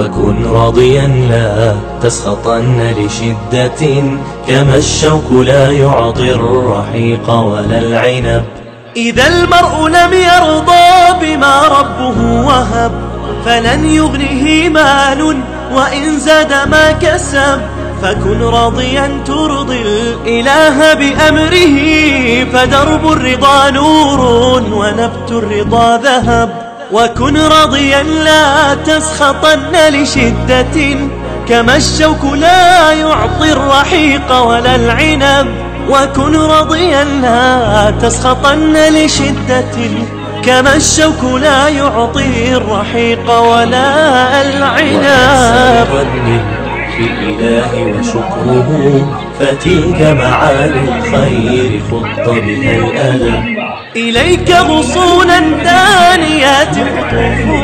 وكن راضيا لا تسخطن لشدة كما الشوك لا يعطي الرحيق ولا العنب إذا المرء لم يرضى بما ربه وهب فلن يغنيه مال وإن زاد ما كسب فكن راضيا ترضي الإله بأمره فدرب الرضا نور ونبت الرضا ذهب وكن رضيا لا تسخطن لشدة كما الشوك لا يعطي الرحيق ولا العنب وكن رضيا لا تسخطن لشدة كما الشوك لا يعطي الرحيق ولا العنب في الإله وشكره فتلك معالي الخير خط بها الألم إليك غصونا دائما Thank you.